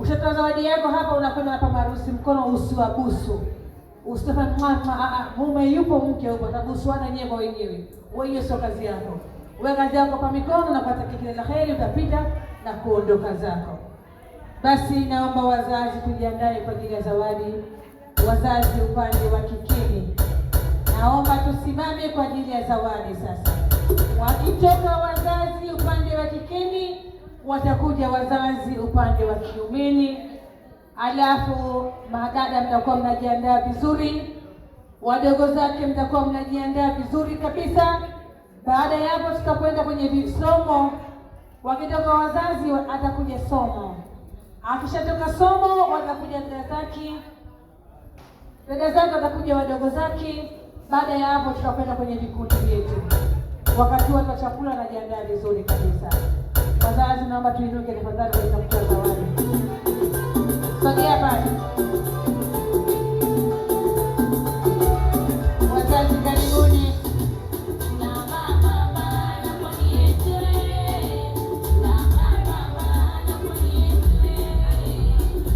Ushatoa zawadi yako hapa, unakwenda hapa maharusi, mkono usiwabusu, a, ah, ah, mume yupo mke yupo, tabusuana nyewe kwa wenyewe. Wewe hiyo sio kazi yako. Wewe kazi yako kwa mikono na kupata kile la heri, utapita na kuondoka zako. Basi naomba wazazi tujiandae kwa ajili ya zawadi. Wazazi upande wa kikini, naomba tusimame kwa ajili ya zawadi sasa. Wakitoka wazazi watakuja wazazi upande wa kiumini, alafu madada mtakuwa mnajiandaa vizuri, wadogo zake mtakuwa mnajiandaa vizuri kabisa. Baada ya hapo, tutakwenda kwenye visomo. Wakitoka wazazi, atakuja somo. Akishatoka somo, watakuja dada zake, dada zake watakuja wadogo zake. Baada ya hapo, tutakwenda kwenye vikundi vyetu. Wakati wa chakula, wanajiandaa vizuri kabisa wazazi Nova Trinity, Rosario, Sofia Park.